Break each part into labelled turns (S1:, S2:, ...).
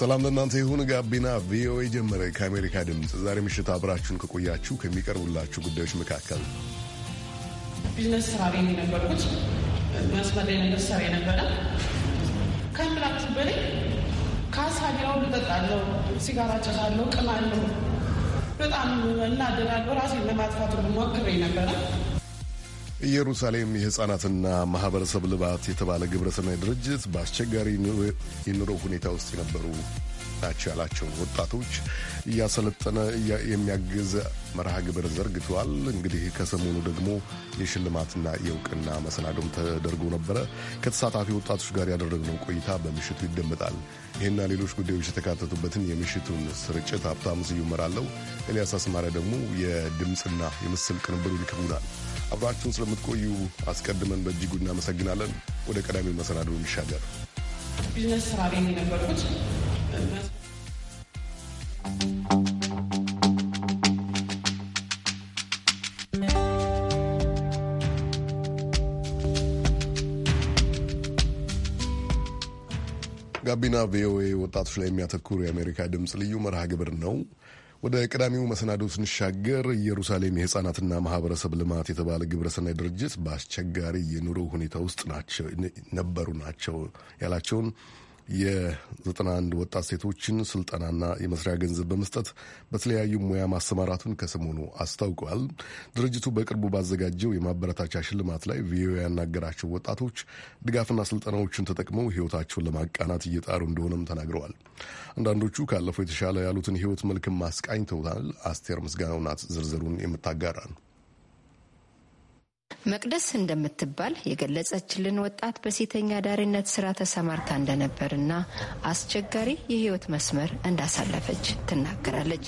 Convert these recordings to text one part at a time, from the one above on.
S1: ሰላም ለእናንተ ይሁን። ጋቢና ቪኦኤ ጀመረ። ከአሜሪካ ድምፅ ዛሬ ምሽት አብራችሁን ከቆያችሁ ከሚቀርቡላችሁ ጉዳዮች መካከል
S2: ቢዝነስ ስራ ቤት የነበርኩት መስመር ላይ ነገር ስራ የነበረ ከምላችሁ በላይ ካሳቢያው ልጠጣለው፣ ሲጋራ ጨሳለው፣ ቅማለው፣ በጣም እናደዳለው። ራሴን ለማጥፋት ሞክሬ ነበረ
S1: ኢየሩሳሌም የሕፃናትና ማህበረሰብ ልባት የተባለ ግብረሰናይ ድርጅት በአስቸጋሪ የኑሮ ሁኔታ ውስጥ የነበሩ ናቸው ያላቸውን ወጣቶች እያሰለጠነ የሚያግዝ መርሃ ግብር ዘርግተዋል። እንግዲህ ከሰሞኑ ደግሞ የሽልማትና የእውቅና መሰናዶም ተደርጎ ነበረ። ከተሳታፊ ወጣቶች ጋር ያደረግነው ቆይታ በምሽቱ ይደመጣል። ይህና ሌሎች ጉዳዮች የተካተቱበትን የምሽቱን ስርጭት ሀብታሙ ስዩም እመራለሁ። ኤልያስ አስማሪያ ደግሞ የድምፅና የምስል ቅንብሩን ይከውናል። አብራችሁን ስለምትቆዩ አስቀድመን በእጅጉ እናመሰግናለን። ወደ ቀዳሚው መሰናዶ ይሻገር።
S2: ቢዝነስ ስራ ላይ የነበርኩት
S1: ጋቢና ቪኦኤ ወጣቶች ላይ የሚያተኩር የአሜሪካ ድምፅ ልዩ መርሃ ግብር ነው። ወደ ቀዳሚው መሰናዶ ስንሻገር ኢየሩሳሌም የህጻናትና ማህበረሰብ ልማት የተባለ ግብረሰናይ ድርጅት በአስቸጋሪ የኑሮ ሁኔታ ውስጥ ነበሩ ናቸው ያላቸውን የ91 ወጣት ሴቶችን ስልጠናና የመስሪያ ገንዘብ በመስጠት በተለያዩ ሙያ ማሰማራቱን ከሰሞኑ አስታውቀዋል። ድርጅቱ በቅርቡ ባዘጋጀው የማበረታቻ ሽልማት ላይ ቪኦኤ ያናገራቸው ወጣቶች ድጋፍና ስልጠናዎችን ተጠቅመው ሕይወታቸውን ለማቃናት እየጣሩ እንደሆነም ተናግረዋል። አንዳንዶቹ ካለፈው የተሻለ ያሉትን ሕይወት መልክም ተውታል። አስቴር ምስጋናው ናት ዝርዝሩን የምታጋራ ነው።
S3: መቅደስ እንደምትባል የገለጸችልን ወጣት በሴተኛ ዳሪነት ስራ ተሰማርታ እንደነበርና አስቸጋሪ የህይወት መስመር እንዳሳለፈች ትናገራለች።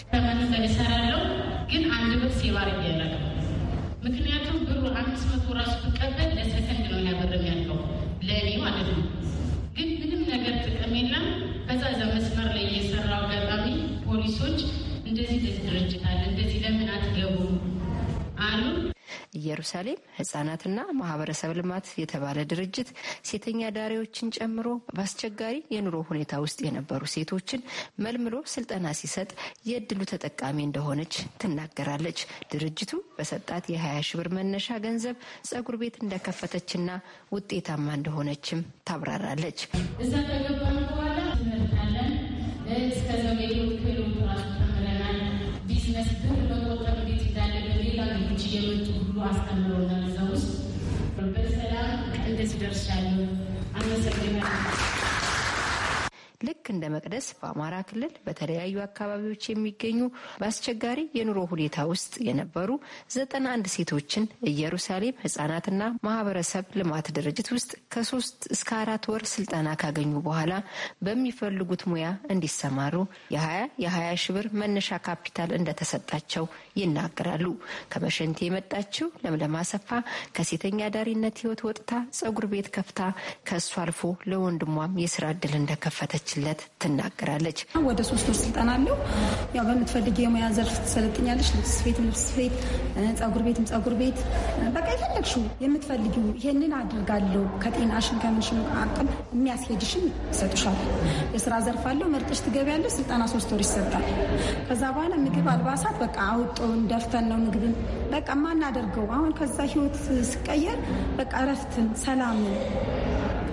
S2: ግን አንድ ብር ሴቭ አድርጌ ምክንያቱም ብሩ አምስት መቶ ራሱ ለሰከንድ ነው ያበረም ያለው ለእኔ ማለት ነው። ግን ምንም ነገር ጥቅም የለም። መስመር ላይ አጋጣሚ ፖሊሶች እንደዚህ ደስ ድርጅታል እንደዚህ ለምን አትገቡም አሉ።
S3: ኢየሩሳሌም ህጻናትና ማህበረሰብ ልማት የተባለ ድርጅት ሴተኛ ዳሪዎችን ጨምሮ በአስቸጋሪ የኑሮ ሁኔታ ውስጥ የነበሩ ሴቶችን መልምሎ ስልጠና ሲሰጥ የእድሉ ተጠቃሚ እንደሆነች ትናገራለች። ድርጅቱ በሰጣት የ20 ብር መነሻ ገንዘብ ጸጉር ቤት እንደከፈተችና ውጤታማ እንደሆነችም ታብራራለች።
S2: እዛ ከገባን እየመጡ ሁሉ አስተምረውናል። እዛ ውስጥ በሰላም ቀን ሲደርሻለሁ። አመሰግናለሁ።
S3: ልክ እንደ መቅደስ በአማራ ክልል በተለያዩ አካባቢዎች የሚገኙ በአስቸጋሪ የኑሮ ሁኔታ ውስጥ የነበሩ ዘጠና አንድ ሴቶችን ኢየሩሳሌም ህጻናትና ማህበረሰብ ልማት ድርጅት ውስጥ ከሶስት እስከ አራት ወር ስልጠና ካገኙ በኋላ በሚፈልጉት ሙያ እንዲሰማሩ የሀያ የሀያ ሺ ብር መነሻ ካፒታል እንደተሰጣቸው ይናገራሉ። ከመሸንቴ የመጣችው ለምለም አሰፋ ከሴተኛ ዳሪነት ህይወት ወጥታ ጸጉር ቤት ከፍታ ከእሱ አልፎ ለወንድሟም የስራ እድል እንደከፈተች
S4: እንደሰጠችለት ትናገራለች። ወደ ሶስት ወር ስልጠና አለው። ያው በምትፈልግ የሙያ ዘርፍ ትሰለጥኛለች። ልብስ ቤትም ልብስ ቤት፣ ጸጉር ቤትም ጸጉር ቤት፣ በቃ የፈለግሽው የምትፈልጊው ይህንን አድርጋለሁ ከጤናሽን ከምንሽን አቅም የሚያስሄድሽን ይሰጡሻል። የስራ ዘርፍ አለው። መርጠሽ ትገቢያለሽ። ስልጠና ሶስት ወር ይሰጣል። ከዛ በኋላ ምግብ፣ አልባሳት በቃ አውጠውን ደፍተን ነው ምግብን በቃ ማናደርገው አሁን ከዛ ህይወት ስቀየር በቃ እረፍትን ሰላምን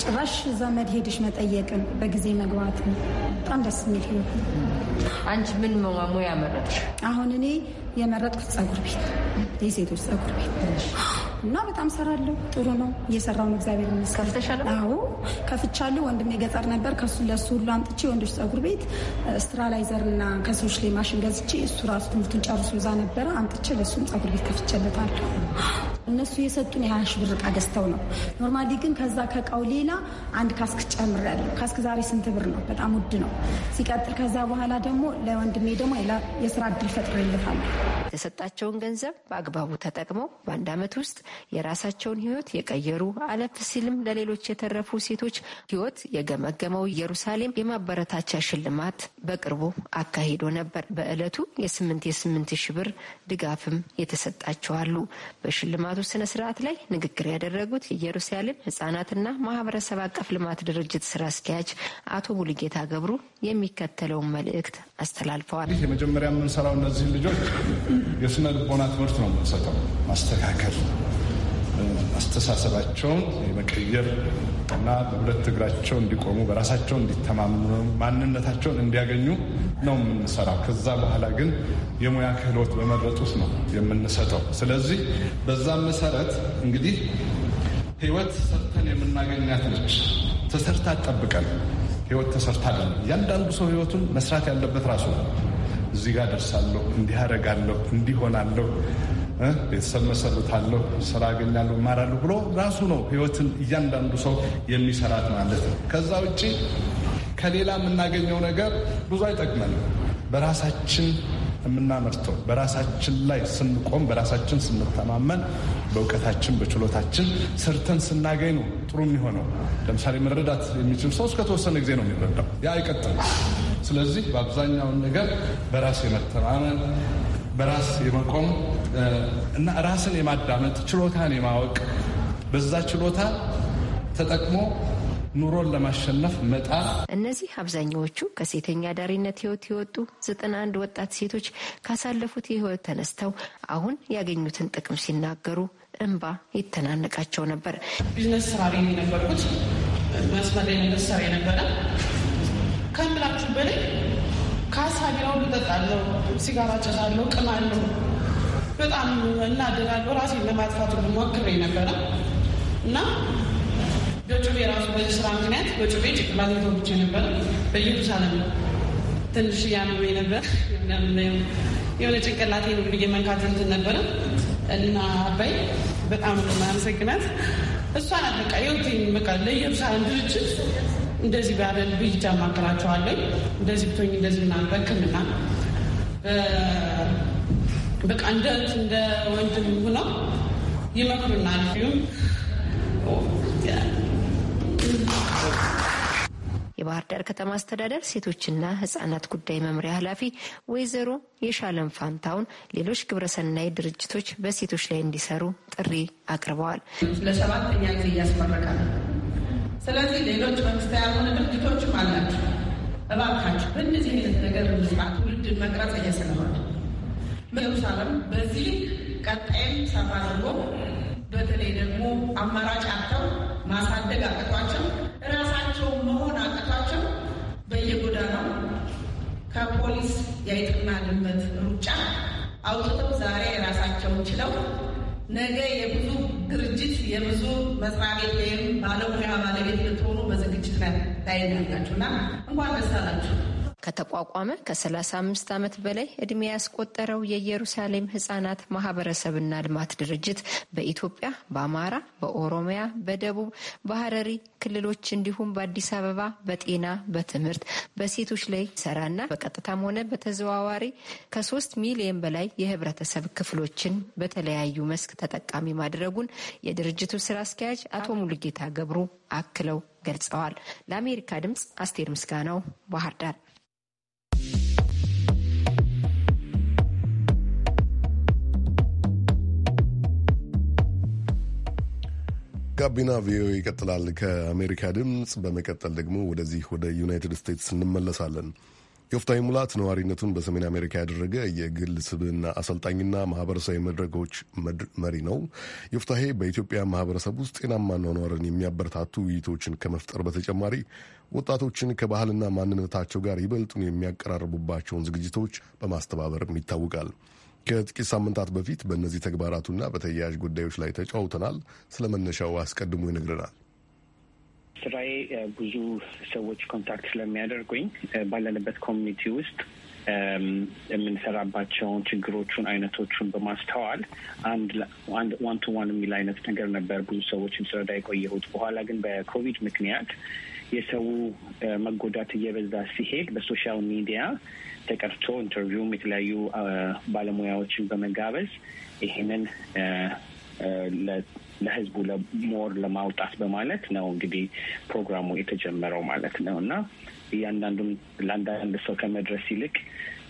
S4: ጭራሽ ዘመድ ሄድሽ መጠየቅን በጊዜ መግባትን በጣም ደስ የሚል ህይወት ነው። አንቺ ምን ሙያ መረጥሽ? አሁን እኔ የመረጥኩት ፀጉር ቤት፣ የሴቶች ፀጉር ቤት እና በጣም ሰራለሁ። ጥሩ ነው እየሰራውን እግዚአብሔር ይመስገን። አዎ ከፍቻለሁ። ወንድሜ ገጠር ነበር። ከሱ ለሱ ሁሉ አምጥቼ ወንዶች ፀጉር ቤት ስትራላይዘር እና ከሰዎች ላይ ማሽን ገዝቼ እሱ ራሱ ትምህርቱን ጨርሶ እዛ ነበረ አምጥቼ ለሱም ፀጉር ቤት ከፍቼለታለሁ። እነሱ የሰጡን የሀያ ብር እቃ ገዝተው ነው። ኖርማሊ ግን ከዛ ከእቃው ሌላ አንድ ካስክ ጨምሬያለሁ። ካስክ ዛሬ ስንት ብር ነው? በጣም ውድ ነው። ሲቀጥል ከዛ በኋላ ደግሞ ለወንድሜ ደግሞ የስራ እድል ይልፋል።
S3: የተሰጣቸውን ገንዘብ በአግባቡ ተጠቅመው በአንድ አመት ውስጥ የራሳቸውን ህይወት የቀየሩ አለፍ ሲልም ለሌሎች የተረፉ ሴቶች ህይወት የገመገመው ኢየሩሳሌም የማበረታቻ ሽልማት በቅርቡ አካሂዶ ነበር። በእለቱ የስምንት የስምንት ሺህ ብር ድጋፍም የተሰጣቸው አሉ። በሽልማቱ በምርቃቱ ስነ ስርዓት ላይ ንግግር ያደረጉት የኢየሩሳሌም ህጻናትና ማህበረሰብ አቀፍ ልማት ድርጅት ስራ አስኪያጅ አቶ ቡልጌታ ገብሩ የሚከተለውን መልእክት አስተላልፈዋል።
S5: ይህ የመጀመሪያ የምንሰራው እነዚህ ልጆች የስነ ልቦና ትምህርት ነው የምንሰጠው ማስተካከል አስተሳሰባቸውን የመቀየር እና በሁለት እግራቸው እንዲቆሙ በራሳቸው እንዲተማመኑ ማንነታቸውን እንዲያገኙ ነው የምንሰራው። ከዛ በኋላ ግን የሙያ ክህሎት በመረጡት ነው የምንሰጠው። ስለዚህ በዛ መሰረት እንግዲህ ህይወት ሰርተን የምናገኛት ነች። ተሰርታ ጠብቀን ህይወት ተሰርታ አለ። እያንዳንዱ ሰው ህይወቱን መስራት ያለበት ራሱ ነው። እዚህ ጋር ደርሳለሁ፣ እንዲህ አደርጋለሁ፣ እንዲህ ሆናለሁ ቤተሰብ መሰርታለሁ፣ ስራ አገኛለሁ፣ እማራለሁ ብሎ ራሱ ነው ህይወትን እያንዳንዱ ሰው የሚሰራት ማለት ነው። ከዛ ውጭ ከሌላ የምናገኘው ነገር ብዙ አይጠቅመንም። በራሳችን የምናመርተው በራሳችን ላይ ስንቆም በራሳችን ስንተማመን በእውቀታችን በችሎታችን ሰርተን ስናገኝ ነው ጥሩ የሚሆነው። ለምሳሌ መረዳት የሚችል ሰው እስከተወሰነ ጊዜ ነው የሚረዳው፣ ያ አይቀጥልም። ስለዚህ በአብዛኛውን ነገር በራስ የመተማመን በራስ የመቆም እና ራስን የማዳመጥ ችሎታን የማወቅ በዛ ችሎታ ተጠቅሞ ኑሮን ለማሸነፍ መጣ።
S3: እነዚህ አብዛኛዎቹ ከሴተኛ አዳሪነት ህይወት የወጡ ዘጠና አንድ ወጣት ሴቶች ካሳለፉት የህይወት ተነስተው አሁን ያገኙትን ጥቅም ሲናገሩ እንባ ይተናነቃቸው ነበር።
S2: ቢዝነስ ስራ ላይ የነበርኩት መስመር ላይ ነገር ስራ የነበረ ከምላችሁ በላይ ሳቢያውን እጠጣለሁ፣ ሲጋራ ጨሳለሁ፣ ቅማለሁ። በጣም እናደዳለሁ። ራሴን ለማጥፋት ሁሉ ሞክሬ ነበረ እና በጩቤ ራሱ በዚህ ስራ ምክንያት በጩቤ ጭቅላት የተወግቼ ነበረ። በኢየሩሳሌም ነው ትንሽ እያመመኝ ነበር። የሆነ ጭንቅላቴ ነው ብዬ መንካት እንትን ነበረ እና አባይ በጣም ነው የማመሰግናት። እሷ ናት በቃ የወቴኝ በቃ ለኢየሩሳሌም ድርጅት እንደዚህ ቢያደል ብይታ ማከራቸዋለኝ እንደዚህ ብቶኝ እንደዚህ ምናምን በሕክምና በቃ እንደ እንደ ወንድም ሆነው ይመክሩናል።
S3: የባህር ዳር ከተማ አስተዳደር ሴቶችና ህጻናት ጉዳይ መምሪያ ኃላፊ ወይዘሮ የሻለም ፋንታውን ሌሎች ግብረሰናይ ድርጅቶች በሴቶች ላይ እንዲሰሩ ጥሪ አቅርበዋል። ለሰባተኛ ጊዜ
S2: እያስመረቀ ነው ስለዚህ ሌሎች መንግስታዊ ያልሆነ ድርጅቶችም አላችሁ። እባካችሁ በእንደዚህ አይነት ነገር እንስራ፣ ትውልድን መቅረጽ እየስለሆነ ኢየሩሳሌም በዚህ ቀጣይም ሰፋ አድርጎ በተለይ ደግሞ አማራጭ አጥተው ማሳደግ አቅቷቸው እራሳቸው መሆን አቅቷቸው በየጎዳናው ከፖሊስ የአይጥና ድመት ሩጫ አውጥተው ዛሬ ራሳቸውን ችለው ነገ የብዙ ድርጅት የብዙ መስሪያ ቤት ወይም ባለሙያ ባለቤት ልትሆኑ በዝግጅት ላይ ያላችሁ እና እንኳን
S3: ደስ አላችሁ። ከተቋቋመ ከ35 ዓመት በላይ እድሜ ያስቆጠረው የኢየሩሳሌም ህጻናት ማህበረሰብና ልማት ድርጅት በኢትዮጵያ በአማራ፣ በኦሮሚያ፣ በደቡብ፣ በሀረሪ ክልሎች እንዲሁም በአዲስ አበባ በጤና፣ በትምህርት፣ በሴቶች ላይ ሰራና በቀጥታም ሆነ በተዘዋዋሪ ከሶስት ሚሊዮን በላይ የህብረተሰብ ክፍሎችን በተለያዩ መስክ ተጠቃሚ ማድረጉን የድርጅቱ ስራ አስኪያጅ አቶ ሙሉጌታ ገብሩ አክለው ገልጸዋል። ለአሜሪካ ድምጽ አስቴር ምስጋናው ባህር ዳር።
S1: ጋቢና ቪኦኤ ይቀጥላል። ከአሜሪካ ድምፅ በመቀጠል ደግሞ ወደዚህ ወደ ዩናይትድ ስቴትስ እንመለሳለን። የወፍታዊ ሙላት ነዋሪነቱን በሰሜን አሜሪካ ያደረገ የግል ስብዕና አሰልጣኝና ማህበረሰባዊ መድረኮች መሪ ነው። የወፍታሄ በኢትዮጵያ ማህበረሰብ ውስጥ ጤናማ ኗኗርን የሚያበረታቱ ውይይቶችን ከመፍጠር በተጨማሪ ወጣቶችን ከባህልና ማንነታቸው ጋር ይበልጡን የሚያቀራርቡባቸውን ዝግጅቶች በማስተባበርም ይታወቃል። ከጥቂት ሳምንታት በፊት በእነዚህ ተግባራቱና በተያያዥ ጉዳዮች ላይ ተጫውተናል። ስለ መነሻው አስቀድሞ ይነግረናል።
S6: ስራዬ ብዙ ሰዎች ኮንታክት ስለሚያደርጉኝ ባለንበት ኮሚኒቲ ውስጥ የምንሰራባቸውን ችግሮቹን አይነቶቹን በማስተዋል አንድ ዋን ቱ ዋን የሚል አይነት ነገር ነበር ብዙ ሰዎችን ስረዳ የቆየሁት። በኋላ ግን በኮቪድ ምክንያት የሰው መጎዳት እየበዛ ሲሄድ በሶሻል ሚዲያ ተቀርቶ ኢንተርቪውም የተለያዩ ባለሙያዎችን በመጋበዝ ይህንን ለህዝቡ ለሞር ለማውጣት በማለት ነው እንግዲህ ፕሮግራሙ የተጀመረው ማለት ነው እና እያንዳንዱም ለአንዳንድ ሰው ከመድረስ ይልቅ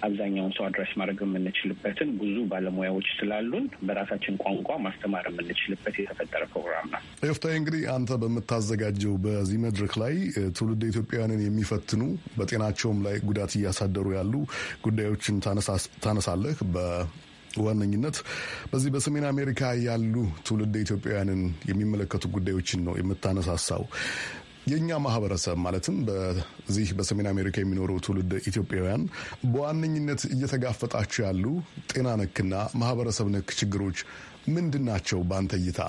S6: አብዛኛውን ሰው አድራሽ ማድረግ የምንችልበትን ብዙ ባለሙያዎች ስላሉን በራሳችን ቋንቋ ማስተማር የምንችልበት የተፈጠረ ፕሮግራም ነው።
S1: ኤፍታ እንግዲህ አንተ በምታዘጋጀው በዚህ መድረክ ላይ ትውልድ ኢትዮጵያውያንን የሚፈትኑ በጤናቸውም ላይ ጉዳት እያሳደሩ ያሉ ጉዳዮችን ታነሳለህ። በዋነኝነት በዚህ በሰሜን አሜሪካ ያሉ ትውልድ ኢትዮጵያውያንን የሚመለከቱ ጉዳዮችን ነው የምታነሳሳው። የእኛ ማህበረሰብ ማለትም በዚህ በሰሜን አሜሪካ የሚኖሩ ትውልድ ኢትዮጵያውያን በዋነኝነት እየተጋፈጣቸው ያሉ ጤና ነክና ማህበረሰብ ነክ ችግሮች ምንድን ናቸው በአንተ እይታ?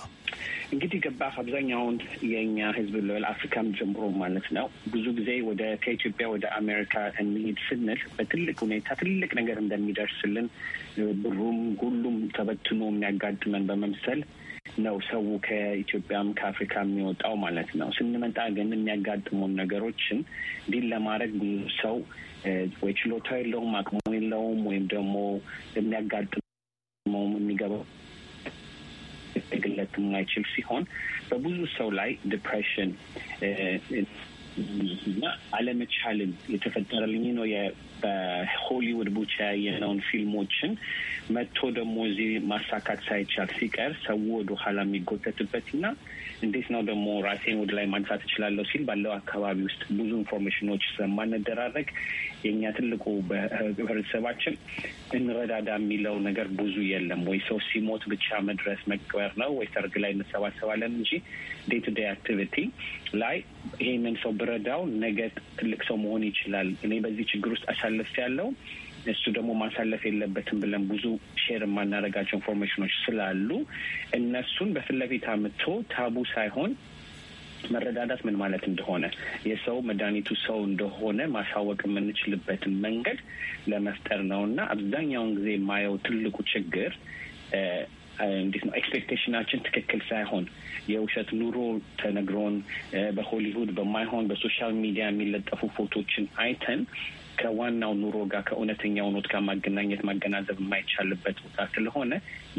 S6: እንግዲህ ገባ አብዛኛውን የእኛ ህዝብ ልበል አፍሪካም ጀምሮ ማለት ነው ብዙ ጊዜ ወደ ከኢትዮጵያ ወደ አሜሪካ እንሄድ ስንል በትልቅ ሁኔታ ትልቅ ነገር እንደሚደርስልን ብሩም ሁሉም ተበትኖ የሚያጋጥመን በመምሰል ነው ሰው ከኢትዮጵያም ከአፍሪካ የሚወጣው ማለት ነው። ስንመጣ ግን የሚያጋጥሙን ነገሮችን ዲል ለማድረግ ብዙ ሰው ወይ ችሎታው የለውም፣ አቅሙ የለውም፣ ወይም ደግሞ የሚያጋጥመውም የሚገባው ግለት የማይችል ሲሆን በብዙ ሰው ላይ ዲፕሬሽን እና አለመቻልን የተፈጠረልኝ ነው። በሆሊውድ ብቻ ያየነውን ፊልሞችን መጥቶ ደግሞ እዚህ ማሳካት ሳይቻል ሲቀር ሰው ወደ ኋላ የሚጎተትበት እና እንዴት ነው ደግሞ ራሴን ወደ ላይ ማንሳት እችላለሁ ሲል ባለው አካባቢ ውስጥ ብዙ ኢንፎርሜሽኖች ስለማንደራረግ የእኛ ትልቁ በህብረተሰባችን እንረዳዳ የሚለው ነገር ብዙ የለም ወይ ሰው ሲሞት ብቻ መድረስ መቅበር ነው ወይ ሰርግ ላይ እንሰባሰባለን እንጂ ዴይ ቱ ዴይ አክቲቪቲ ላይ ይህንን ሰው ብረዳው ነገ ትልቅ ሰው መሆን ይችላል፣ እኔ በዚህ ችግር ውስጥ አሳለፍ ያለው እሱ ደግሞ ማሳለፍ የለበትም ብለን ብዙ ሼር የማናደርጋቸው ኢንፎርሜሽኖች ስላሉ እነሱን በፊት ለፊት አምቶ ታቡ ሳይሆን መረዳዳት ምን ማለት እንደሆነ የሰው መድኃኒቱ ሰው እንደሆነ ማሳወቅ የምንችልበትን መንገድ ለመፍጠር ነው እና አብዛኛውን ጊዜ የማየው ትልቁ ችግር እንዴት ነው ኤክስፔክቴሽናችን ትክክል ሳይሆን የውሸት ኑሮ ተነግሮን በሆሊውድ በማይሆን በሶሻል ሚዲያ የሚለጠፉ ፎቶችን አይተን ከዋናው ኑሮ ጋር ከእውነተኛው ኖት ጋር ማገናኘት ማገናዘብ የማይቻልበት ቦታ ስለሆነ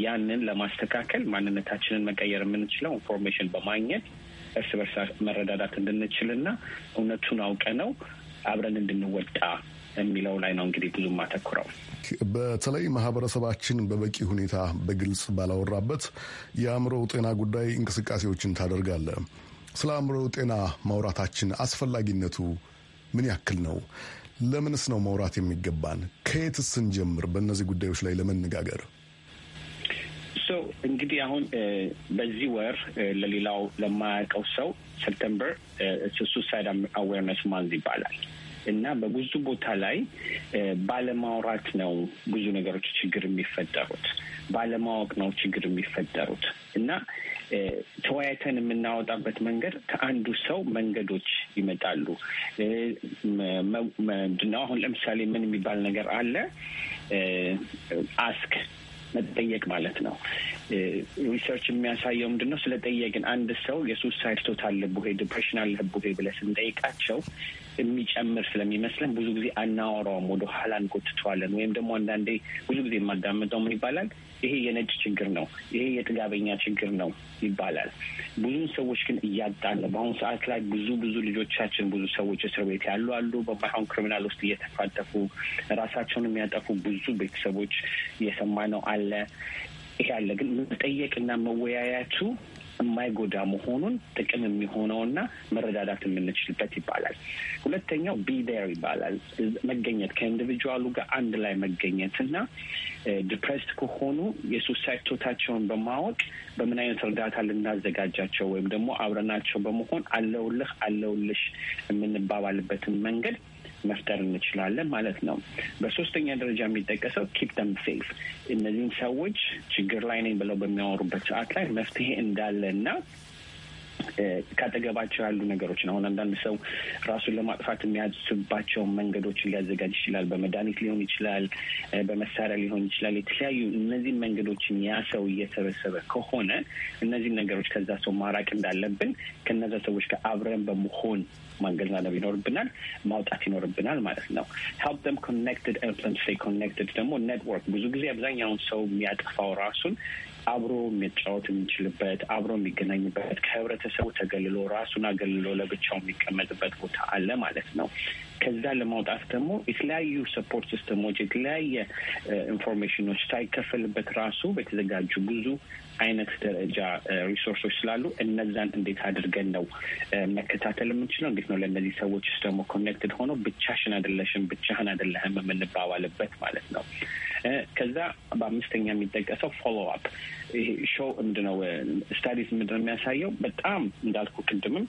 S6: ያንን ለማስተካከል ማንነታችንን መቀየር የምንችለው ኢንፎርሜሽን በማግኘት እርስ በርስ መረዳዳት እንድንችልና እውነቱን አውቀ ነው አብረን እንድንወጣ የሚለው ላይ ነው እንግዲህ ብዙም ማተኩረው።
S1: በተለይ ማህበረሰባችን በበቂ ሁኔታ በግልጽ ባላወራበት የአእምሮ ጤና ጉዳይ እንቅስቃሴዎችን ታደርጋለ። ስለ አእምሮ ጤና ማውራታችን አስፈላጊነቱ ምን ያክል ነው? ለምንስ ነው ማውራት የሚገባን? ከየትስ ስንጀምር በእነዚህ ጉዳዮች ላይ ለመነጋገር
S6: እንግዲህ አሁን በዚህ ወር ለሌላው ለማያውቀው ሰው ሴፕተምበር ሱሳይድ አዌርነስ ማንዝ ይባላል። እና በብዙ ቦታ ላይ ባለማውራት ነው ብዙ ነገሮች ችግር የሚፈጠሩት፣ ባለማወቅ ነው ችግር የሚፈጠሩት እና ተወያይተን የምናወጣበት መንገድ ከአንዱ ሰው መንገዶች ይመጣሉ። ምንድነው አሁን ለምሳሌ ምን የሚባል ነገር አለ አስክ መጠየቅ ማለት ነው። ሪሰርች የሚያሳየው ምንድን ነው? ስለጠየቅን አንድ ሰው የሱሳይድ ቶት አለብህ ወይ ዲፕሬሽን አለብህ ወይ ብለህ ስንጠይቃቸው የሚጨምር ስለሚመስለን ብዙ ጊዜ አናወራውም፣ ወደ ኋላ እንጎትተዋለን። ወይም ደግሞ አንዳንዴ ብዙ ጊዜ የማዳመጠው ምን ይባላል ይሄ የነጭ ችግር ነው፣ ይሄ የጥጋበኛ ችግር ነው ይባላል። ብዙ ሰዎች ግን እያጣለ በአሁኑ ሰዓት ላይ ብዙ ብዙ ልጆቻችን ብዙ ሰዎች እስር ቤት ያሉ አሉ። በማይሆን ክሪሚናል ውስጥ እየተፋጠፉ ራሳቸውን የሚያጠፉ ብዙ ቤተሰቦች እየሰማ ነው አለ። ይሄ አለ ግን መጠየቅና መወያያቱ የማይጎዳ መሆኑን ጥቅም የሚሆነውና መረዳዳት የምንችልበት ይባላል። ሁለተኛው ቢደር ይባላል። መገኘት ከኢንዲቪጁዋሉ ጋር አንድ ላይ መገኘት እና ዲፕሬስድ ከሆኑ የሱሳይድ ቶታቸውን በማወቅ በምን አይነት እርዳታ ልናዘጋጃቸው ወይም ደግሞ አብረናቸው በመሆን አለውልህ አለውልሽ የምንባባልበትን መንገድ መፍጠር እንችላለን ማለት ነው። በሶስተኛ ደረጃ የሚጠቀሰው ኪፕ ሴፍ፣ እነዚህን ሰዎች ችግር ላይ ነኝ ብለው በሚያወሩበት ሰዓት ላይ መፍትሄ እንዳለ እና ካጠገባቸው ያሉ ነገሮችን አሁን አንዳንድ ሰው ራሱን ለማጥፋት የሚያስባቸውን መንገዶችን ሊያዘጋጅ ይችላል። በመድኃኒት ሊሆን ይችላል፣ በመሳሪያ ሊሆን ይችላል። የተለያዩ እነዚህን መንገዶችን ያ ሰው እየሰበሰበ ከሆነ እነዚህን ነገሮች ከዛ ሰው ማራቅ እንዳለብን ከነዛ ሰዎች ጋር አብረን በመሆን ማገናዘብ ይኖርብናል፣ ማውጣት ይኖርብናል ማለት ነው። ሄልፕ ደም ኮኔክትድ ኮኔክትድ ደግሞ ኔትወርክ ብዙ ጊዜ አብዛኛውን ሰው የሚያጠፋው ራሱን አብሮ የሚጫወት የሚችልበት አብሮ የሚገናኝበት ከህብረተሰቡ ተገልሎ ራሱን አገልሎ ለብቻው የሚቀመጥበት ቦታ አለ ማለት ነው። ከዛ ለማውጣት ደግሞ የተለያዩ ሰፖርት ሲስተሞች የተለያየ ኢንፎርሜሽኖች ሳይከፈልበት ራሱ በተዘጋጁ ብዙ አይነት ደረጃ ሪሶርሶች ስላሉ እነዛን እንዴት አድርገን ነው መከታተል የምንችለው? እንዴት ነው ለእነዚህ ሰዎችስ ደግሞ ኮኔክትድ ሆኖ ብቻሽን አይደለሽም ብቻህን አይደለህም የምንባባልበት ማለት ነው። ከዛ በአምስተኛ የሚጠቀሰው ፎሎ አፕ ሾው ምንድነው ስታዲስ ምንድነው የሚያሳየው በጣም እንዳልኩ ቅድምም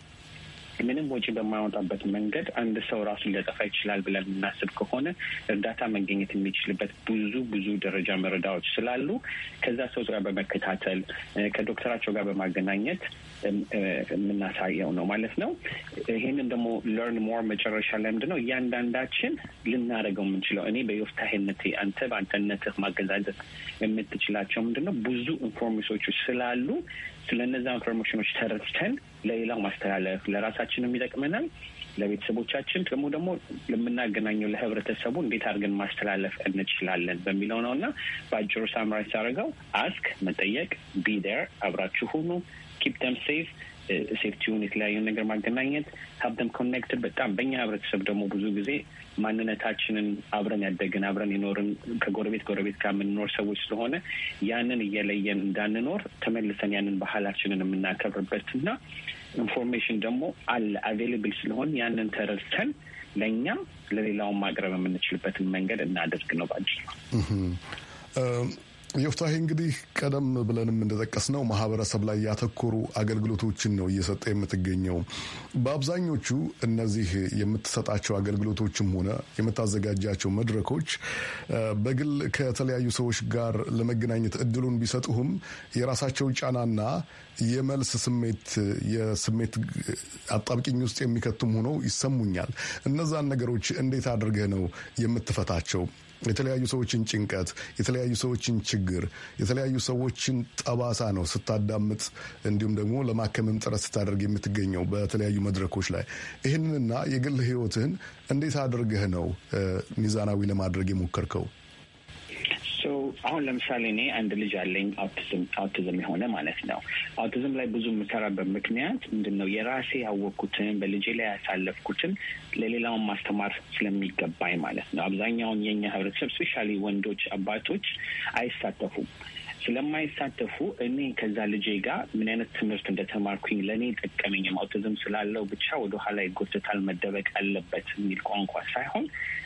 S6: ምንም ወጪ በማያወጣበት መንገድ አንድ ሰው ራሱን ሊያጠፋ ይችላል ብለን የምናስብ ከሆነ እርዳታ መገኘት የሚችልበት ብዙ ብዙ ደረጃ መረዳዎች ስላሉ ከዛ ሰው ጋር በመከታተል ከዶክተራቸው ጋር በማገናኘት የምናሳየው ነው ማለት ነው። ይህንን ደግሞ ለርን ሞር መጨረሻ ላይ ምንድን እያንዳንዳችን ልናደርገው የምንችለው እኔ በዮፍታሄነቴ አንተ በአንተነትህ ማገዛዘት የምትችላቸው ምንድነው ብዙ ኢንፎርሜሽኖች ስላሉ ስለነዛ ኢንፎርሜሽኖች ተረድተን ለሌላው ማስተላለፍ ለራሳችን የሚጠቅመናል ለቤተሰቦቻችን ደግሞ ደግሞ ለምናገናኘው ለህብረተሰቡ እንዴት አድርገን ማስተላለፍ እንችላለን በሚለው ነው እና በአጭሩ ሳምራይዝ አድርገው አስክ መጠየቅ፣ ቢ ዴር አብራችሁ ሁኑ፣ ኪፕ ደም ሴፍ ሴፍቲውን የተለያዩን ነገር ማገናኘት ሀብተም ኮኔክትድ በጣም በእኛ ህብረተሰብ ደግሞ ብዙ ጊዜ ማንነታችንን አብረን ያደግን አብረን የኖርን ከጎረቤት ጎረቤት ጋር የምንኖር ሰዎች ስለሆነ ያንን እየለየን እንዳንኖር ተመልሰን ያንን ባህላችንን የምናከብርበት እና ኢንፎርሜሽን ደግሞ አለ አቬይላብል ስለሆን ያንን ተረድተን ለእኛም ለሌላውን ማቅረብ የምንችልበትን መንገድ እናደርግ ነው ባጭሩ።
S1: የፍታሄ እንግዲህ ቀደም ብለንም እንደጠቀስነው ማህበረሰብ ላይ ያተኮሩ አገልግሎቶችን ነው እየሰጠ የምትገኘው። በአብዛኞቹ እነዚህ የምትሰጣቸው አገልግሎቶችም ሆነ የምታዘጋጃቸው መድረኮች በግል ከተለያዩ ሰዎች ጋር ለመገናኘት እድሉን ቢሰጡህም የራሳቸው ጫናና የመልስ ስሜት የስሜት አጣብቂኝ ውስጥ የሚከቱም ሆነው ይሰሙኛል። እነዛን ነገሮች እንዴት አድርገህ ነው የምትፈታቸው? የተለያዩ ሰዎችን ጭንቀት፣ የተለያዩ ሰዎችን ችግር፣ የተለያዩ ሰዎችን ጠባሳ ነው ስታዳምጥ፣ እንዲሁም ደግሞ ለማከምም ጥረት ስታደርግ የምትገኘው በተለያዩ መድረኮች ላይ ይህንንና የግል ህይወትህን እንዴት አድርገህ ነው ሚዛናዊ ለማድረግ የሞከርከው?
S6: አሁን ለምሳሌ እኔ አንድ ልጅ አለኝ አውቲዝም አውቲዝም የሆነ ማለት ነው። አውቲዝም ላይ ብዙ የምሰራበት ምክንያት ምንድን ነው? የራሴ ያወቅኩትን በልጄ ላይ ያሳለፍኩትን ለሌላውን ማስተማር ስለሚገባኝ ማለት ነው። አብዛኛውን የኛ ህብረተሰብ ስፔሻሊ ወንዶች አባቶች አይሳተፉም። ስለማይሳተፉ እኔ ከዛ ልጄ ጋር ምን አይነት ትምህርት እንደተማርኩኝ ለእኔ ጠቀመኝም አውቲዝም ስላለው ብቻ ወደኋላ ይጎተታል መደበቅ አለበት የሚል ቋንቋ ሳይሆን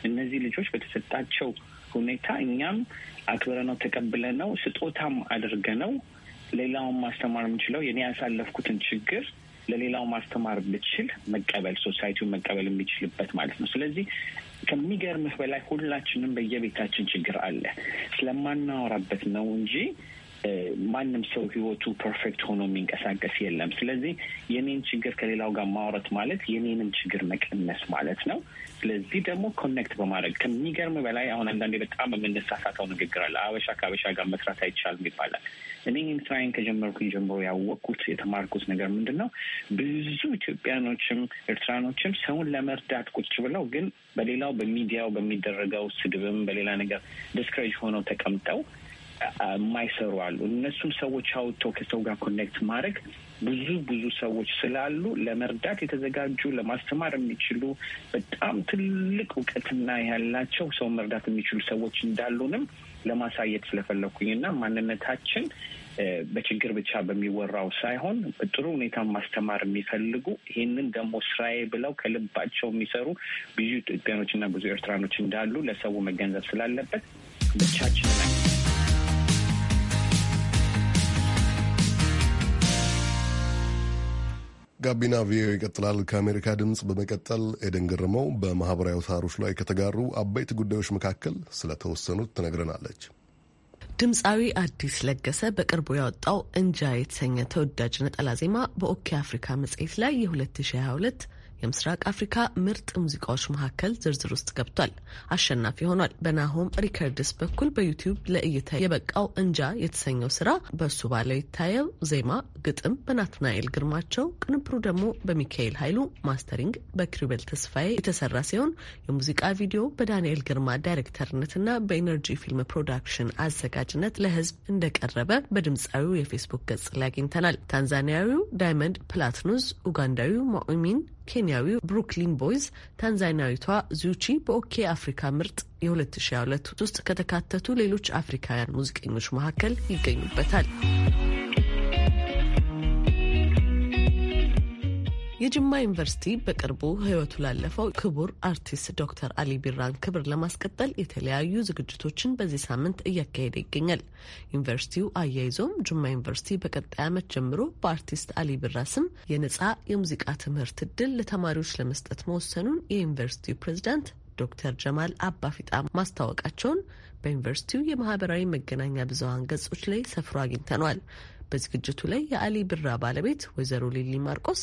S6: እነዚህ ልጆች በተሰጣቸው ሁኔታ እኛም አክብረ ነው ተቀብለ ነው ስጦታም አድርገ ነው ሌላውን ማስተማር የምችለው የኔ ያሳለፍኩትን ችግር ለሌላው ማስተማር ብችል መቀበል ሶሳይቲውን መቀበል የሚችልበት ማለት ነው። ስለዚህ ከሚገርምህ በላይ ሁላችንም በየቤታችን ችግር አለ። ስለማናወራበት ነው እንጂ ማንም ሰው ህይወቱ ፐርፌክት ሆኖ የሚንቀሳቀስ የለም። ስለዚህ የኔን ችግር ከሌላው ጋር ማውረት ማለት የኔንም ችግር መቀነስ ማለት ነው። ስለዚህ ደግሞ ኮኔክት በማድረግ ከሚገርም በላይ አሁን አንዳንዴ በጣም የምንሳሳተው ንግግር አለ። አበሻ ከአበሻ ጋር መስራት አይቻልም ይባላል። እኔ ይህን ስራዬን ከጀመርኩኝ ጀምሮ ያወቅኩት የተማርኩት ነገር ምንድን ነው? ብዙ ኢትዮጵያኖችም ኤርትራኖችም ሰውን ለመርዳት ቁጭ ብለው ግን በሌላው በሚዲያው በሚደረገው ስድብም በሌላ ነገር ዲስክሬጅ ሆነው ተቀምጠው የማይሰሩ አሉ። እነሱን ሰዎች አውጥተው ከሰው ጋር ኮኔክት ማድረግ ብዙ ብዙ ሰዎች ስላሉ ለመርዳት የተዘጋጁ ለማስተማር የሚችሉ በጣም ትልቅ እውቀትና ያላቸው ሰው መርዳት የሚችሉ ሰዎች እንዳሉንም ለማሳየት ስለፈለግኩኝ እና ማንነታችን በችግር ብቻ በሚወራው ሳይሆን በጥሩ ሁኔታ ማስተማር የሚፈልጉ ይህንን ደግሞ ስራዬ ብለው ከልባቸው የሚሰሩ ብዙ ኢትዮጵያኖች እና ብዙ ኤርትራኖች እንዳሉ ለሰው መገንዘብ ስላለበት ብቻችን
S1: ጋቢና ቪኦኤ ይቀጥላል። ከአሜሪካ ድምፅ በመቀጠል ኤደን ገረመው በማህበራዊ አውታሮች ላይ ከተጋሩ አበይት ጉዳዮች መካከል ስለተወሰኑት ትነግረናለች።
S7: ድምፃዊ አዲስ ለገሰ በቅርቡ ያወጣው እንጃ የተሰኘ ተወዳጅ ነጠላ ዜማ በኦኬ አፍሪካ መጽሔት ላይ የ2022 የምስራቅ አፍሪካ ምርጥ ሙዚቃዎች መካከል ዝርዝር ውስጥ ገብቷል፣ አሸናፊ ሆኗል። በናሆም ሪከርድስ በኩል በዩቲዩብ ለእይታ የበቃው እንጃ የተሰኘው ስራ በእሱ ባለው ይታየው ዜማ፣ ግጥም በናትናኤል ግርማቸው፣ ቅንብሩ ደግሞ በሚካኤል ኃይሉ፣ ማስተሪንግ በክሪቤል ተስፋዬ የተሰራ ሲሆን የሙዚቃ ቪዲዮ በዳንኤል ግርማ ዳይሬክተርነትና በኢነርጂ ፊልም ፕሮዳክሽን አዘጋጅነት ለህዝብ እንደቀረበ በድምፃዊው የፌስቡክ ገጽ ላይ አግኝተናል። ታንዛኒያዊው ዳይመንድ ፕላትኑዝ፣ ኡጋንዳዊው ማኡሚን ኬንያዊው ብሩክሊን ቦይዝ፣ ታንዛኒያዊቷ ዙቺ በኦኬ አፍሪካ ምርጥ የ2022 ውስጥ ከተካተቱ ሌሎች አፍሪካውያን ሙዚቀኞች መካከል ይገኙበታል። የጅማ ዩኒቨርሲቲ በቅርቡ ሕይወቱ ላለፈው ክቡር አርቲስት ዶክተር አሊ ቢራን ክብር ለማስቀጠል የተለያዩ ዝግጅቶችን በዚህ ሳምንት እያካሄደ ይገኛል። ዩኒቨርሲቲው አያይዞም ጅማ ዩኒቨርሲቲ በቀጣይ ዓመት ጀምሮ በአርቲስት አሊ ቢራ ስም የነጻ የሙዚቃ ትምህርት እድል ለተማሪዎች ለመስጠት መወሰኑን የዩኒቨርሲቲው ፕሬዚዳንት ዶክተር ጀማል አባፊጣ ማስታወቃቸውን በዩኒቨርሲቲው የማህበራዊ መገናኛ ብዙሀን ገጾች ላይ ሰፍሮ አግኝተነዋል። በዝግጅቱ ላይ የአሊ ቢራ ባለቤት ወይዘሮ ሊሊ ማርቆስ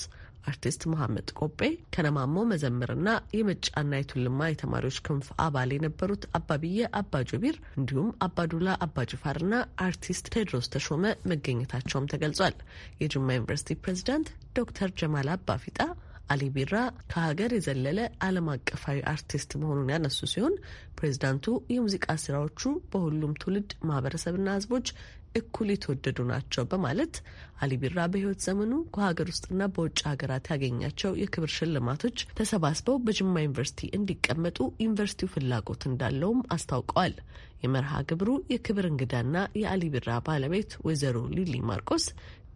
S7: አርቲስት መሐመድ ቆጴ ከነማሞ መዘምርና የመጫና የቱልማ የተማሪዎች ክንፍ አባል የነበሩት አባብዬ አባጆቢር እንዲሁም አባዱላ አባጅፋርና አርቲስት ቴድሮስ ተሾመ መገኘታቸውም ተገልጿል። የጅማ ዩኒቨርሲቲ ፕሬዚዳንት ዶክተር ጀማል አባፊጣ አሊ ቢራ ከሀገር የዘለለ ዓለም አቀፋዊ አርቲስት መሆኑን ያነሱ ሲሆን ፕሬዚዳንቱ የሙዚቃ ስራዎቹ በሁሉም ትውልድ ማህበረሰብና ህዝቦች እኩል የተወደዱ ናቸው በማለት አሊቢራ በህይወት ዘመኑ ከሀገር ውስጥና በውጭ ሀገራት ያገኛቸው የክብር ሽልማቶች ተሰባስበው በጅማ ዩኒቨርሲቲ እንዲቀመጡ ዩኒቨርሲቲው ፍላጎት እንዳለውም አስታውቀዋል። የመርሃ ግብሩ የክብር እንግዳና የአሊቢራ ባለቤት ወይዘሮ ሊሊ ማርቆስ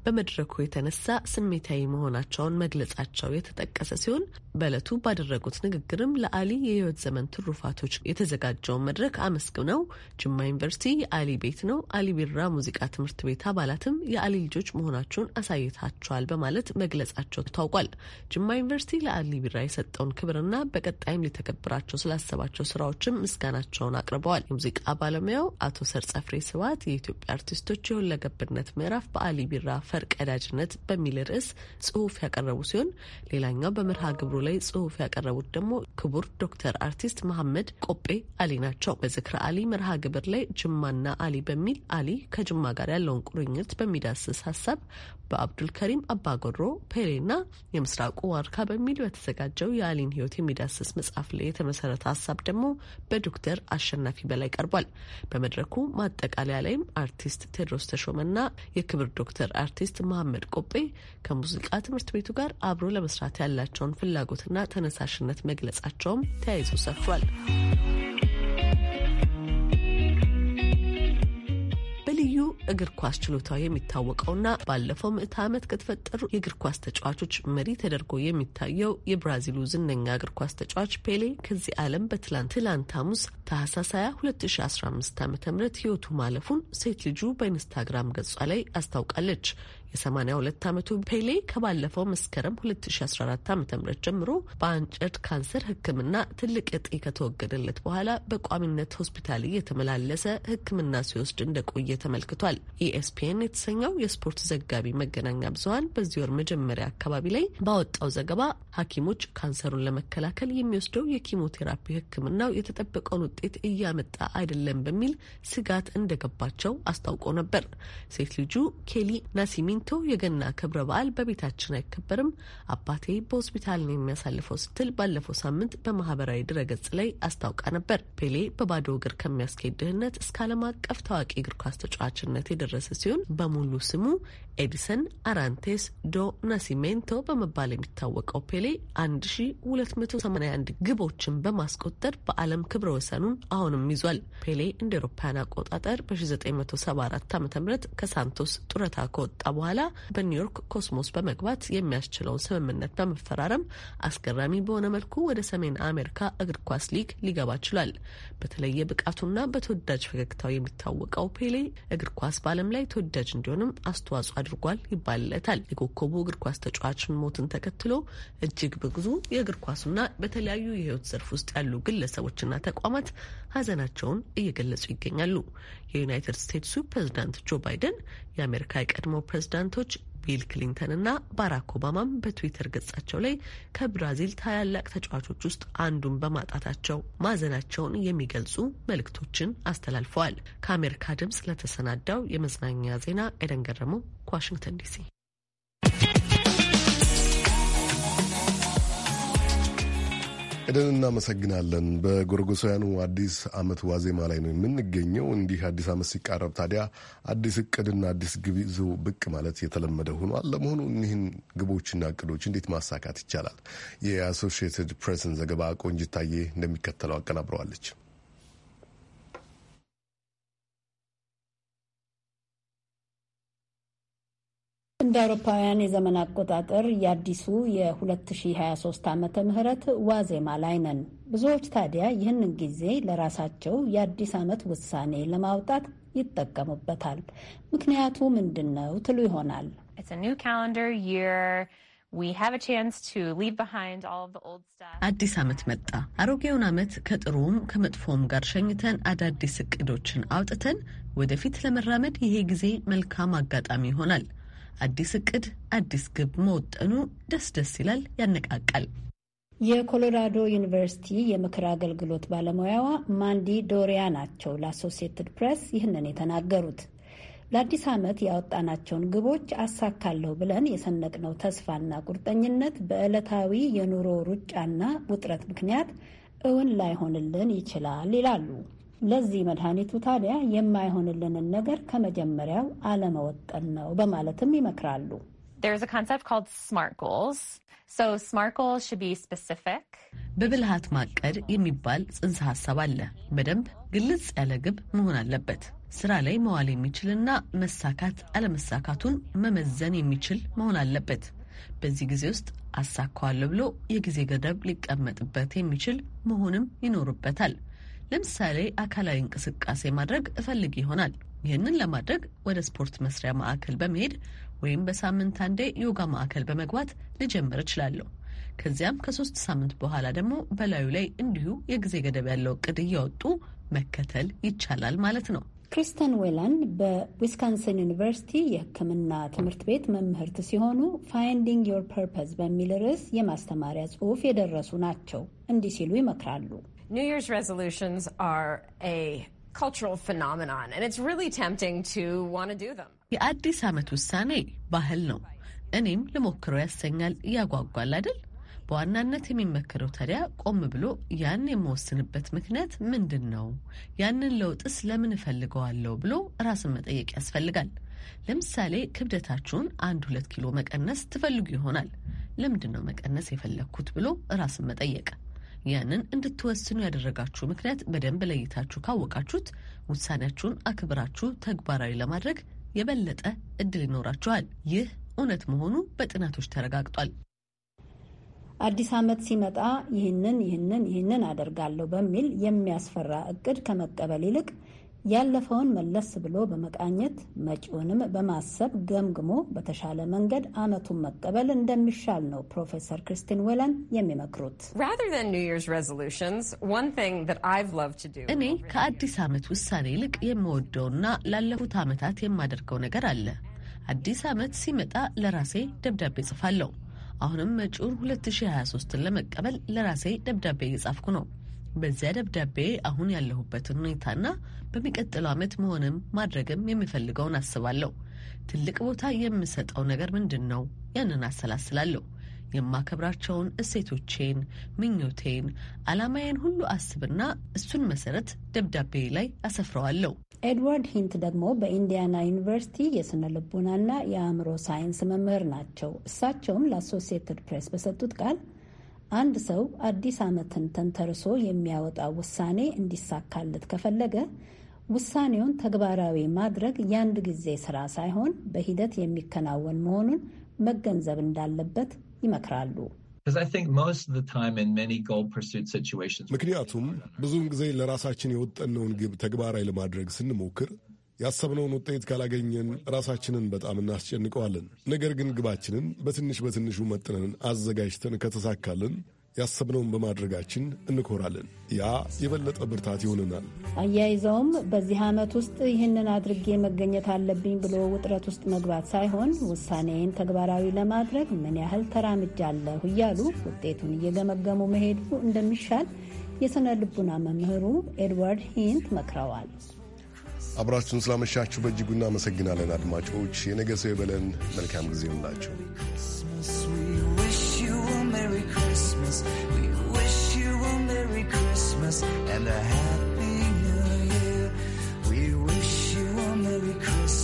S7: በመድረኩ የተነሳ ስሜታዊ መሆናቸውን መግለጻቸው የተጠቀሰ ሲሆን በዕለቱ ባደረጉት ንግግርም ለአሊ የህይወት ዘመን ትሩፋቶች የተዘጋጀውን መድረክ አመስግነው ጅማ ዩኒቨርሲቲ የአሊ ቤት ነው፣ አሊ ቢራ ሙዚቃ ትምህርት ቤት አባላትም የአሊ ልጆች መሆናቸውን አሳይታቸዋል በማለት መግለጻቸው ታውቋል። ጅማ ዩኒቨርሲቲ ለአሊ ቢራ የሰጠውን ክብርና በቀጣይም ሊተገብራቸው ስላሰባቸው ስራዎችም ምስጋናቸውን አቅርበዋል። የሙዚቃ ባለሙያው አቶ ሰርጸፍሬ ስብሐት የኢትዮጵያ አርቲስቶች የሁለገብነት ምዕራፍ በአሊ ቢራ ቀዳጅነት በሚል ርዕስ ጽሁፍ ያቀረቡ ሲሆን ሌላኛው በመርሃ ግብሩ ላይ ጽሁፍ ያቀረቡት ደግሞ ክቡር ዶክተር አርቲስት መሐመድ ቆጴ አሊ ናቸው። በዝክረ አሊ መርሃ ግብር ላይ ጅማና አሊ በሚል አሊ ከጅማ ጋር ያለውን ቁርኝት በሚዳስስ ሀሳብ በአብዱልከሪም አባጎሮ ፔሬና የምስራቁ ዋርካ በሚል በተዘጋጀው የአሊን ህይወት የሚዳስስ መጽሐፍ ላይ የተመሰረተ ሀሳብ ደግሞ በዶክተር አሸናፊ በላይ ቀርቧል። በመድረኩ ማጠቃለያ ላይም አርቲስት ተሾመ ተሾመና የክብር ዶክተር አርቲስት መሐመድ ቆጴ ከሙዚቃ ትምህርት ቤቱ ጋር አብሮ ለመስራት ያላቸውን ፍላጎትና ተነሳሽነት መግለጻቸውም ተያይዞ ሰፍሯል። እግር ኳስ ችሎታው የሚታወቀውና ባለፈው ምዕተ ዓመት ከተፈጠሩ የእግር ኳስ ተጫዋቾች መሪ ተደርጎ የሚታየው የብራዚሉ ዝነኛ እግር ኳስ ተጫዋች ፔሌ ከዚህ ዓለም በትላንት ትላንት ሐሙስ ታህሳስ 2015 ዓ ም ህይወቱ ማለፉን ሴት ልጁ በኢንስታግራም ገጿ ላይ አስታውቃለች። የ82 ዓመቱ ፔሌ ከባለፈው መስከረም 2014 ዓ ም ጀምሮ በአንጨድ ካንሰር ሕክምና ትልቅ እጢ ከተወገደለት በኋላ በቋሚነት ሆስፒታል እየተመላለሰ ሕክምና ሲወስድ እንደቆየ ተመልክቷል። ኢኤስፒኤን e የተሰኘው የስፖርት ዘጋቢ መገናኛ ብዙኃን በዚህ ወር መጀመሪያ አካባቢ ላይ ባወጣው ዘገባ ሐኪሞች ካንሰሩን ለመከላከል የሚወስደው የኪሞቴራፒ ሕክምናው የተጠበቀውን ውጤት እያመጣ አይደለም በሚል ስጋት እንደገባቸው አስታውቆ ነበር። ሴት ልጁ ኬሊ ናሲሚን ተገኝተው የገና ክብረ በዓል በቤታችን አይከበርም፣ አባቴ በሆስፒታል ነው የሚያሳልፈው ስትል ባለፈው ሳምንት በማህበራዊ ድረገጽ ላይ አስታውቃ ነበር። ፔሌ በባዶ እግር ከሚያስኬድ ድህነት እስከ ዓለም አቀፍ ታዋቂ እግር ኳስ ተጫዋችነት የደረሰ ሲሆን በሙሉ ስሙ ኤዲሰን አራንቴስ ዶ ናሲሜንቶ በመባል የሚታወቀው ፔሌ 1281 ግቦችን በማስቆጠር በዓለም ክብረ ወሰኑን አሁንም ይዟል። ፔሌ እንደ ኤሮፓያን አቆጣጠር በ1974 ዓ ም ከሳንቶስ ጡረታ ከወጣ በኋላ በኒውዮርክ ኮስሞስ በመግባት የሚያስችለውን ስምምነት በመፈራረም አስገራሚ በሆነ መልኩ ወደ ሰሜን አሜሪካ እግር ኳስ ሊግ ሊገባ ችሏል። በተለየ ብቃቱና በተወዳጅ ፈገግታው የሚታወቀው ፔሌ እግር ኳስ በዓለም ላይ ተወዳጅ እንዲሆንም አስተዋጽኦ አድርጓል ይባልለታል። የኮከቡ እግር ኳስ ተጫዋች ሞትን ተከትሎ እጅግ በብዙ የእግር ኳሱና በተለያዩ የህይወት ዘርፍ ውስጥ ያሉ ግለሰቦችና ተቋማት ሀዘናቸውን እየገለጹ ይገኛሉ። የዩናይትድ ስቴትሱ ፕሬዝዳንት ጆ ባይደን የአሜሪካ የቀድሞ ፕሬዝዳንቶች ቢል ክሊንተንና ባራክ ኦባማም በትዊተር ገጻቸው ላይ ከብራዚል ታላላቅ ተጫዋቾች ውስጥ አንዱን በማጣታቸው ማዘናቸውን የሚገልጹ መልእክቶችን አስተላልፈዋል። ከአሜሪካ ድምጽ ለተሰናዳው የመዝናኛ ዜና ኤደን ገረመው ከዋሽንግተን ዲሲ
S1: ኤደን እናመሰግናለን። በጎርጎሳውያኑ አዲስ ዓመት ዋዜማ ላይ ነው የምንገኘው። እንዲህ አዲስ ዓመት ሲቃረብ ታዲያ አዲስ እቅድና አዲስ ግብ ይዞ ብቅ ማለት የተለመደ ሆኗል። ለመሆኑ እኒህን ግቦችና እቅዶች እንዴት ማሳካት ይቻላል? የአሶሺየትድ ፕሬስን ዘገባ ቆንጅታዬ እንደሚከተለው አቀናብረዋለች።
S4: እንደ አውሮፓውያን የዘመን አቆጣጠር የአዲሱ የ2023 ዓመተ ምህረት ዋዜማ ላይ ነን። ብዙዎች ታዲያ ይህንን ጊዜ ለራሳቸው የአዲስ ዓመት ውሳኔ ለማውጣት ይጠቀሙበታል። ምክንያቱ ምንድን ነው ትሉ ይሆናል።
S7: አዲስ ዓመት መጣ። አሮጌውን ዓመት ከጥሩም ከመጥፎም ጋር ሸኝተን አዳዲስ እቅዶችን አውጥተን ወደፊት ለመራመድ ይሄ ጊዜ መልካም አጋጣሚ ይሆናል። አዲስ እቅድ፣ አዲስ ግብ መወጠኑ ደስ ደስ ይላል፣ ያነቃቃል።
S4: የኮሎራዶ ዩኒቨርሲቲ የምክር አገልግሎት ባለሙያዋ ማንዲ ዶሪያ ናቸው ለአሶሲየትድ ፕሬስ ይህንን የተናገሩት። ለአዲስ ዓመት ያወጣናቸውን ግቦች አሳካለሁ ብለን የሰነቅነው ተስፋና ቁርጠኝነት በዕለታዊ የኑሮ ሩጫና ውጥረት ምክንያት እውን ላይሆንልን ይችላል ይላሉ። ለዚህ መድኃኒቱ ታዲያ የማይሆንልንን ነገር ከመጀመሪያው አለመወጠን ነው በማለትም ይመክራሉ።
S7: በብልሃት ማቀድ የሚባል ጽንሰ ሀሳብ አለ። በደንብ ግልጽ ያለ ግብ መሆን አለበት። ስራ ላይ መዋል የሚችልና መሳካት አለመሳካቱን መመዘን የሚችል መሆን አለበት። በዚህ ጊዜ ውስጥ አሳካዋለሁ ብሎ የጊዜ ገደብ ሊቀመጥበት የሚችል መሆንም ይኖርበታል። ለምሳሌ አካላዊ እንቅስቃሴ ማድረግ እፈልግ ይሆናል። ይህንን ለማድረግ ወደ ስፖርት መስሪያ ማዕከል በመሄድ ወይም በሳምንት አንዴ ዮጋ ማዕከል በመግባት ልጀምር እችላለሁ። ከዚያም ከሶስት ሳምንት በኋላ ደግሞ በላዩ ላይ እንዲሁ የጊዜ ገደብ ያለው እቅድ እያወጡ መከተል ይቻላል ማለት ነው።
S4: ክሪስተን ዌላን በዊስካንሰን ዩኒቨርሲቲ የሕክምና ትምህርት ቤት መምህርት ሲሆኑ ፋይንዲንግ ዮር ፐርፐዝ በሚል ርዕስ የማስተማሪያ ጽሑፍ የደረሱ ናቸው። እንዲህ ሲሉ ይመክራሉ።
S3: New Year's resolutions are a cultural phenomenon, and it's really tempting to want to do them.
S7: የአዲስ ዓመት ውሳኔ ባህል ነው። እኔም ልሞክረው ያሰኛል፣ ያጓጓል አይደል? በዋናነት የሚመከረው ታዲያ ቆም ብሎ ያን የመወስንበት ምክንያት ምንድን ነው? ያንን ለውጥስ ለምን እፈልገዋለሁ ብሎ ራስን መጠየቅ ያስፈልጋል። ለምሳሌ ክብደታችሁን አንድ ሁለት ኪሎ መቀነስ ትፈልጉ ይሆናል። ለምንድን ነው መቀነስ የፈለግኩት ብሎ ራስን መጠየቅ ያንን እንድትወስኑ ያደረጋችሁ ምክንያት በደንብ ለይታችሁ ካወቃችሁት ውሳኔያችሁን አክብራችሁ ተግባራዊ ለማድረግ የበለጠ እድል ይኖራችኋል። ይህ እውነት መሆኑ በጥናቶች ተረጋግጧል።
S4: አዲስ ዓመት ሲመጣ ይህንን ይህንን ይህንን አደርጋለሁ በሚል የሚያስፈራ እቅድ ከመቀበል ይልቅ ያለፈውን መለስ ብሎ በመቃኘት መጪውንም በማሰብ ገምግሞ በተሻለ መንገድ አመቱን መቀበል እንደሚሻል ነው
S7: ፕሮፌሰር ክርስቲን ወለን የሚመክሩት። እኔ ከአዲስ ዓመት ውሳኔ ይልቅ የምወደውና ላለፉት ዓመታት የማደርገው ነገር አለ። አዲስ ዓመት ሲመጣ ለራሴ ደብዳቤ ጽፋለሁ። አሁንም መጪውን 2023ን ለመቀበል ለራሴ ደብዳቤ እየጻፍኩ ነው። በዚያ ደብዳቤ አሁን ያለሁበትን ሁኔታና በሚቀጥለው ዓመት መሆንም ማድረግም የሚፈልገውን አስባለሁ። ትልቅ ቦታ የምሰጠው ነገር ምንድን ነው? ያንን አሰላስላለሁ። የማከብራቸውን እሴቶቼን፣ ምኞቴን፣ አላማዬን ሁሉ አስብና እሱን መሰረት ደብዳቤ ላይ አሰፍረዋለሁ።
S4: ኤድዋርድ ሂንት ደግሞ በኢንዲያና ዩኒቨርሲቲ የስነ ልቡናና የአእምሮ ሳይንስ መምህር ናቸው። እሳቸውም ለአሶሲየትድ ፕሬስ በሰጡት ቃል አንድ ሰው አዲስ ዓመትን ተንተርሶ የሚያወጣው ውሳኔ እንዲሳካለት ከፈለገ ውሳኔውን ተግባራዊ ማድረግ የአንድ ጊዜ ስራ ሳይሆን በሂደት የሚከናወን መሆኑን መገንዘብ እንዳለበት
S6: ይመክራሉ። ምክንያቱም ብዙውን
S1: ጊዜ ለራሳችን የወጠነውን ግብ ተግባራዊ ለማድረግ ስንሞክር ያሰብነውን ውጤት ካላገኘን ራሳችንን በጣም እናስጨንቀዋለን። ነገር ግን ግባችንን በትንሽ በትንሹ መጥነን አዘጋጅተን ከተሳካልን ያሰብነውን በማድረጋችን እንኮራለን። ያ የበለጠ ብርታት ይሆነናል።
S4: አያይዘውም በዚህ ዓመት ውስጥ ይህንን አድርጌ መገኘት አለብኝ ብሎ ውጥረት ውስጥ መግባት ሳይሆን ውሳኔን ተግባራዊ ለማድረግ ምን ያህል ተራምጃለሁ እያሉ ውጤቱን እየገመገሙ መሄዱ እንደሚሻል የሥነ ልቡና መምህሩ ኤድዋርድ ሂንት መክረዋል።
S1: አብራችሁን ስላመሻችሁ በእጅጉ እናመሰግናለን። አድማጮች የነገ ሰው ይበለን። መልካም ጊዜ ይሁንላችሁ።